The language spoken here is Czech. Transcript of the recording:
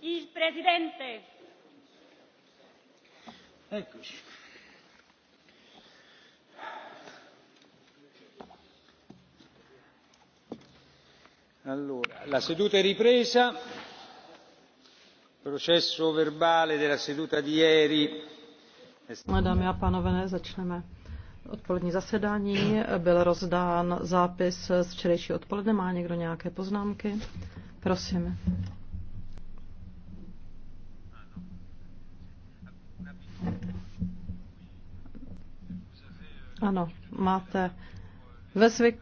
il presidente eccoci allora la seduta è ripresa processo verbale della seduta di ieri Dámy a pánové, začneme odpolední zasedání. Byl rozdán zápis z včerejší odpoledne. Má někdo nějaké poznámky? Prosím. Ano, máte ve zvyku.